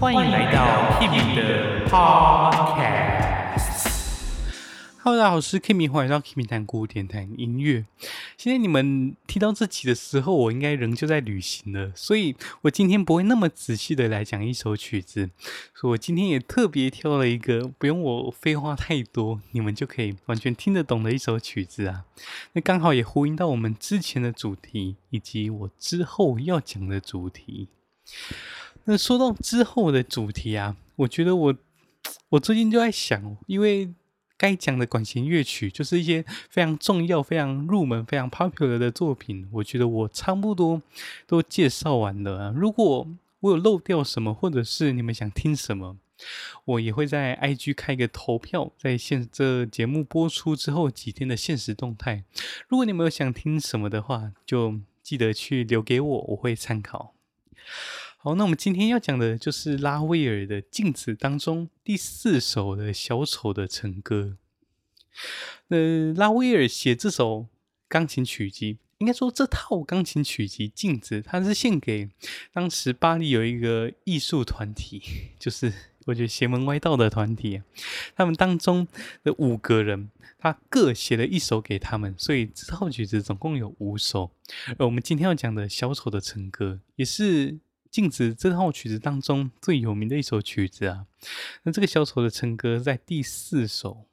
歡迎來到 Kim 的 Podcast。Hello，大家好，我是 Kim，歡迎來到 Kim 談古典談音樂。現在你們聽到這集的時候，我應該仍舊在旅行了，所以我今天不會那麼仔細的來講一首曲子。所以我今天也特別挑了一個不用我廢話太多，你們就可以完全聽得懂的一首曲子啊。那剛好也呼應到我們之前的主題，以及我之後要講的主題。那說到之後的主題啊，我覺得我我最近就在想，因為該講的管弦樂曲就是一些非常重要、非常入門、非常 popular 的作品，我覺得我差不多都介紹完了啊。如果我有漏掉什麼，或者是你們想聽什麼，我也會在 IG 開一個投票，在現這節目播出之後幾天的限時動態。如果你們有想聽什麼的話，就記得去留給我，我會參考。好，那我們今天要講的就是拉威爾的《鏡子》當中第四首的小丑的晨歌。呃，拉威爾寫這首鋼琴曲集，應該說這套鋼琴曲集《鏡子》，它是獻給當時巴黎有一個藝術團體，就是我覺得邪門歪道的團體。他們當中的五個人，他各寫了一首給他們，所以這套曲子總共有五首。而我們今天要講的小丑的晨歌，也是。鏡子這套曲子當中最有名的一首曲子啊，那這個小丑的晨歌在第四首。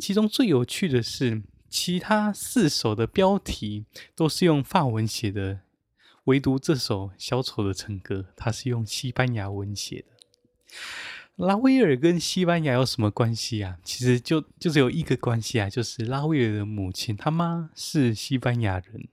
其中最有趣的是，其他四首的標題都是用法文寫的，唯獨這首小丑的晨歌，它是用西班牙文寫的。拉威爾跟西班牙有什麼關係啊？其實就就是有一個關係啊，就是拉威爾的母親，她媽是西班牙人。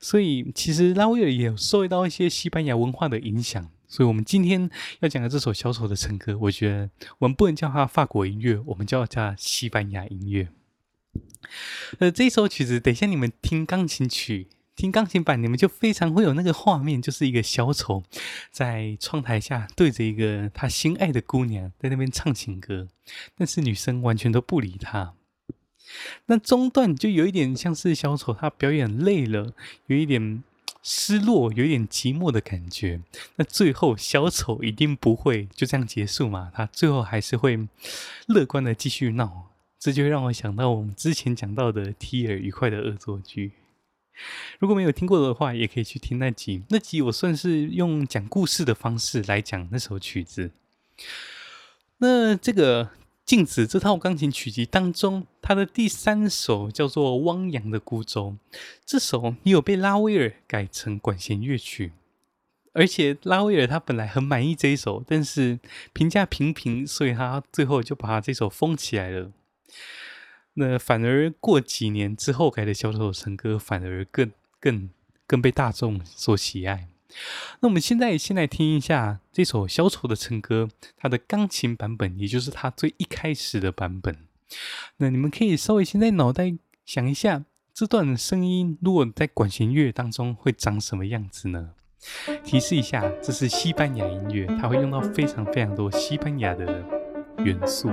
所以，其實拉威爾也受到一些西班牙文化的影響。所以我們今天要講的這首小丑的晨歌，我覺得我們不能叫它法國音樂，我們叫它西班牙音樂。呃，這一首曲子，等一下你們聽鋼琴曲，聽鋼琴版，你們就非常會有那個畫面，就是一個小丑在窗台下對着一個他心愛的姑娘在那邊唱情歌，但是女生完全都不理他。那中段就有一點像是小丑，他表演累了，有一點失落，有一點寂寞的感覺。那最後小丑一定不會就這樣結束嘛？他最後還是會樂觀的繼續鬧。這就會讓我想到我們之前講到的《提爾愉快的惡作劇》。如果沒有聽過的話，也可以去聽那集。那集我算是用講故事的方式來講那首曲子。那這個。鏡子這套鋼琴曲集當中，他的第三首叫做《汪洋的孤舟》，這首也有被拉威爾改成管弦樂曲，而且拉威爾他本來很滿意這一首，但是評價平平，所以他最後就把他這首封起來了。那反而過幾年之後改的小丑晨歌反而更更更被大眾所喜愛。那我們現在先來聽一下這首《小丑的晨歌》，它的鋼琴版本，也就是它最一開始的版本。那你們可以稍微先在腦袋想一下，這段聲音如果在管弦樂當中會長什麼樣子呢？提示一下，這是西班牙音樂，它會用到非常非常多西班牙的元素。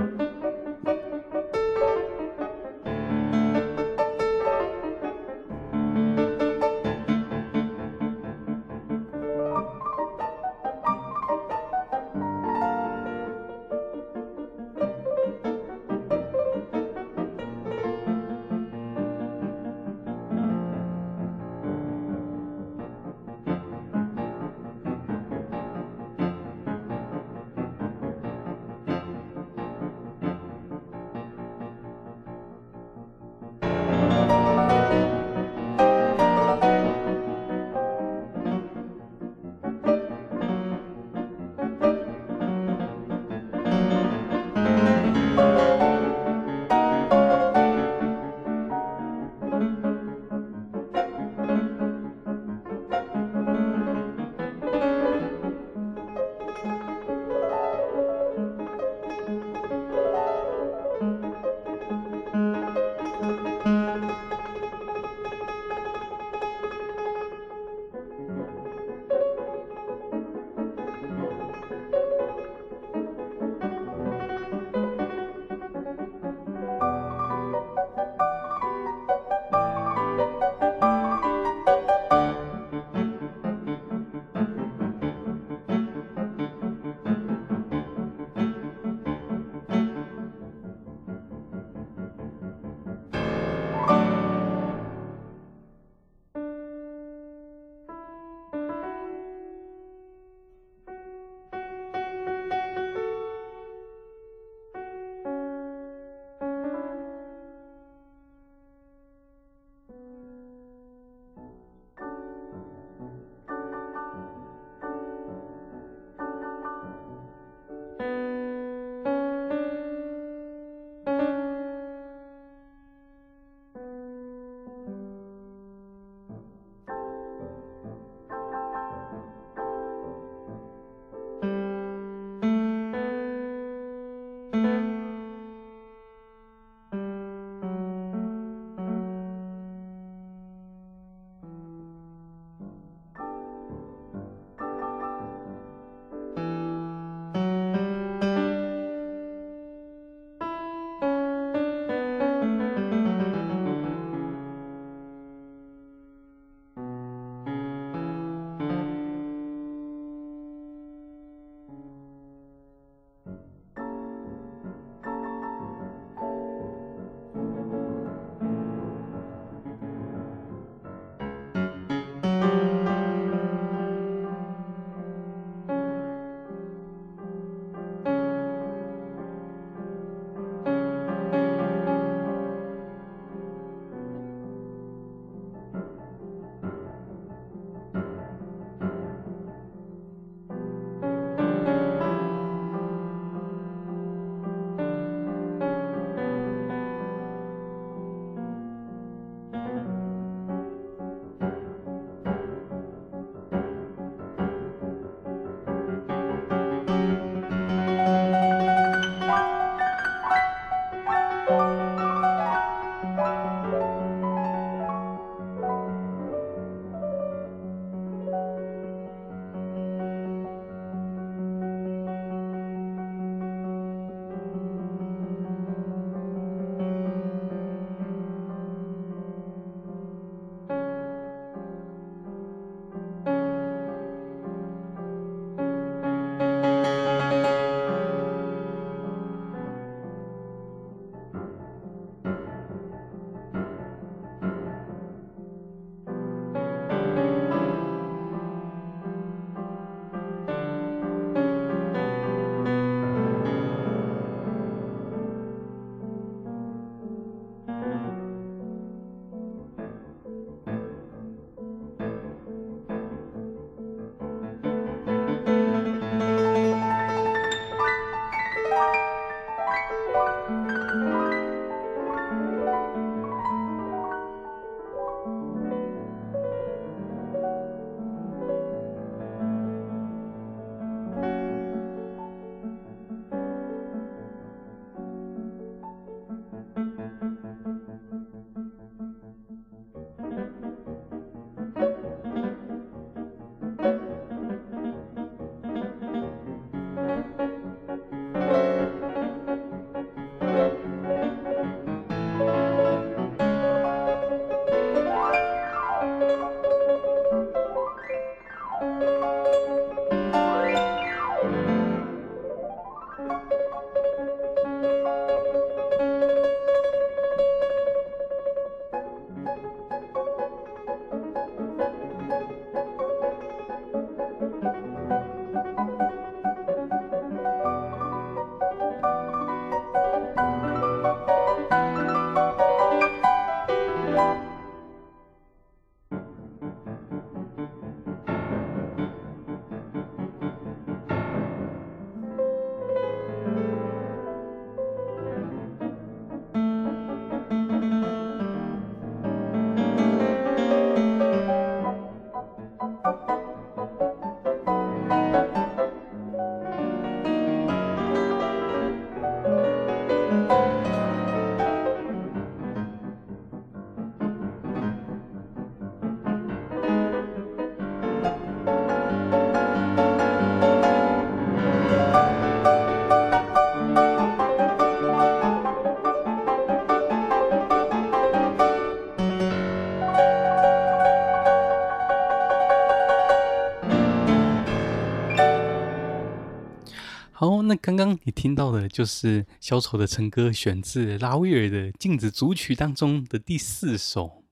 剛剛你聽到的就是小丑的晨歌，選自拉威爾的鏡子組曲當中的第四首。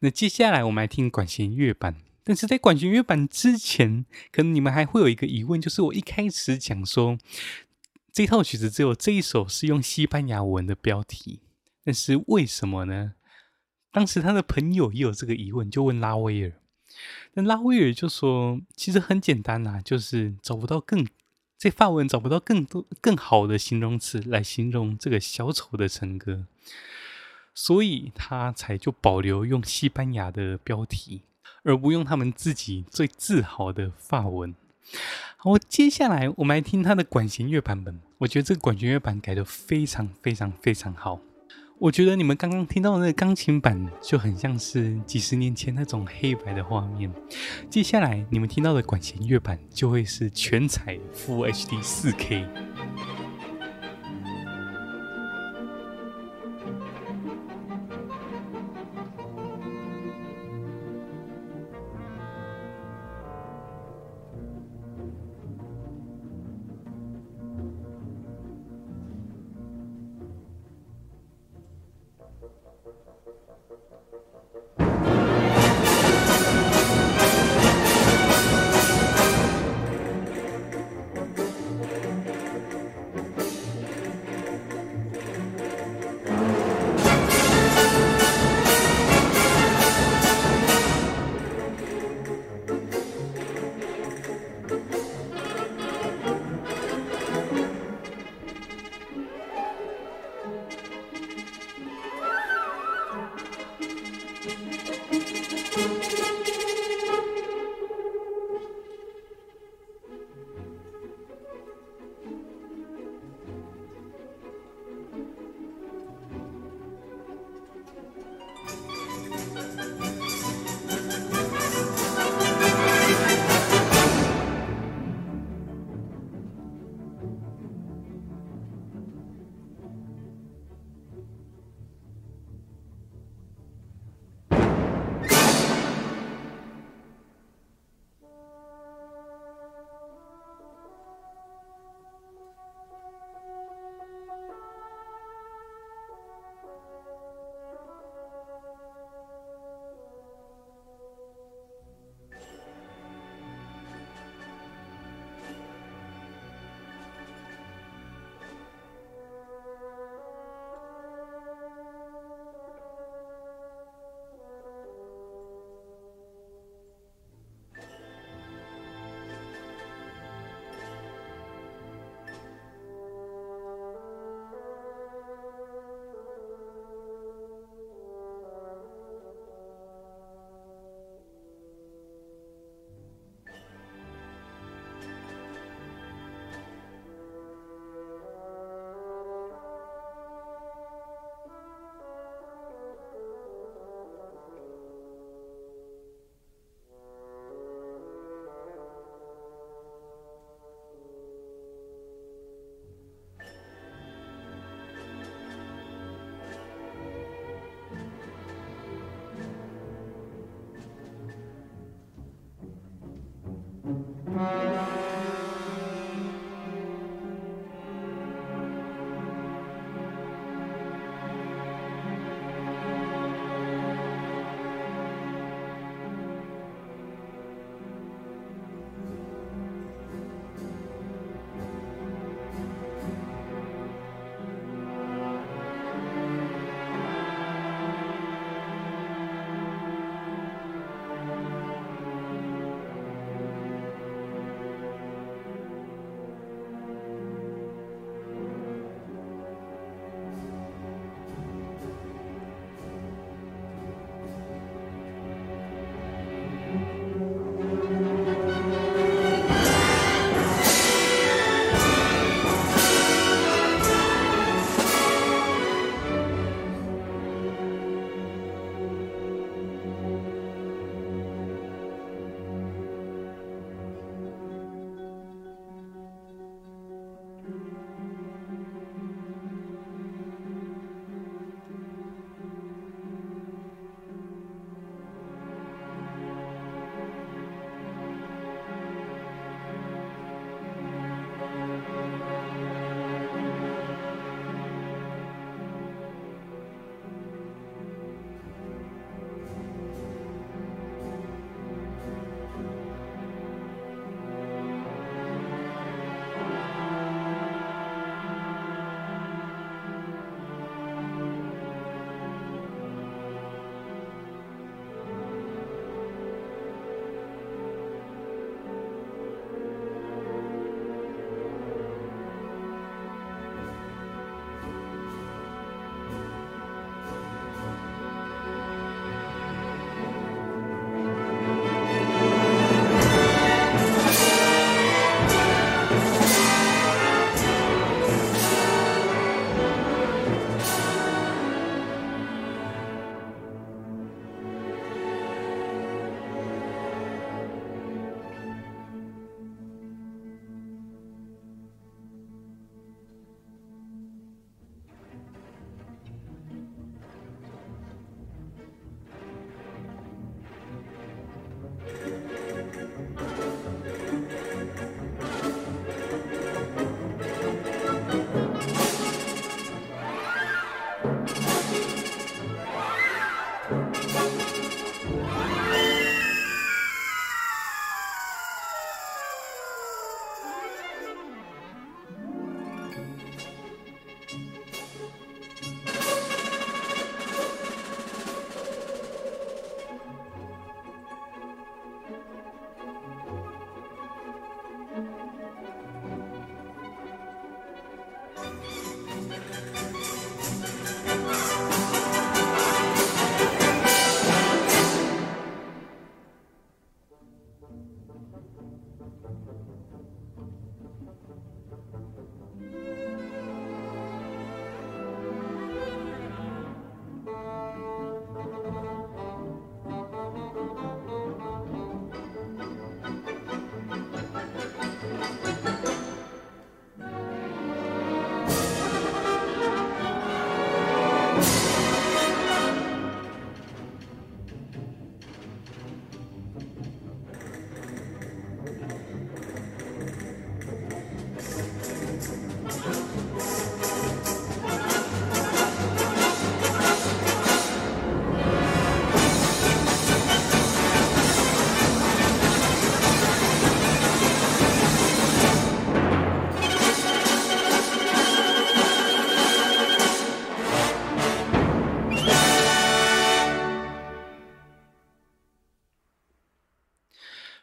那接下來我們來聽管弦樂版。但是在管弦樂版之前，可能你們還會有一個疑問，就是我一開始講說這套曲子只有這一首是用西班牙文的標題，但是為什麼呢？當時他的朋友也有這個疑問，就問拉威爾，那拉威爾就說其實很簡單吶、啊，就是找不到更。這法文找不到更多更好的形容詞來形容這個小丑的晨歌，所以他才就保留用西班牙的標題，而不用他們自己最自豪的法文。好，接下來我們來聽他的管弦樂版本。我覺得這個管弦樂版改得非常非常非常好。我覺得你們剛剛聽到的那個鋼琴版就很像是幾十年前那種黑白的畫面，接下來你們聽到的管弦樂版就會是全彩，Full HD 4K。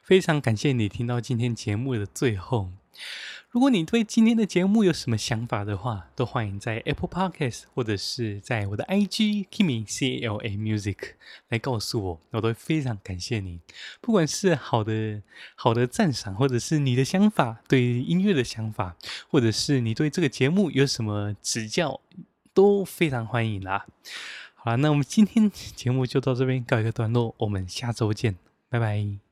非常感謝你聽到今天節目的最後。如果你對今天的節目有什麼想法的話，都歡迎在 Apple Podcast 或者是在我的 IG Kimmy CLA Music 來告訴我，我都會非常感謝你。不管是好的、好的讚賞，或者是你的想法，對音樂的想法，或者是你對這個節目有什麼指教，都非常歡迎啦。好了，那我們今天節目就到這邊告一個段落，我們下周見，拜拜。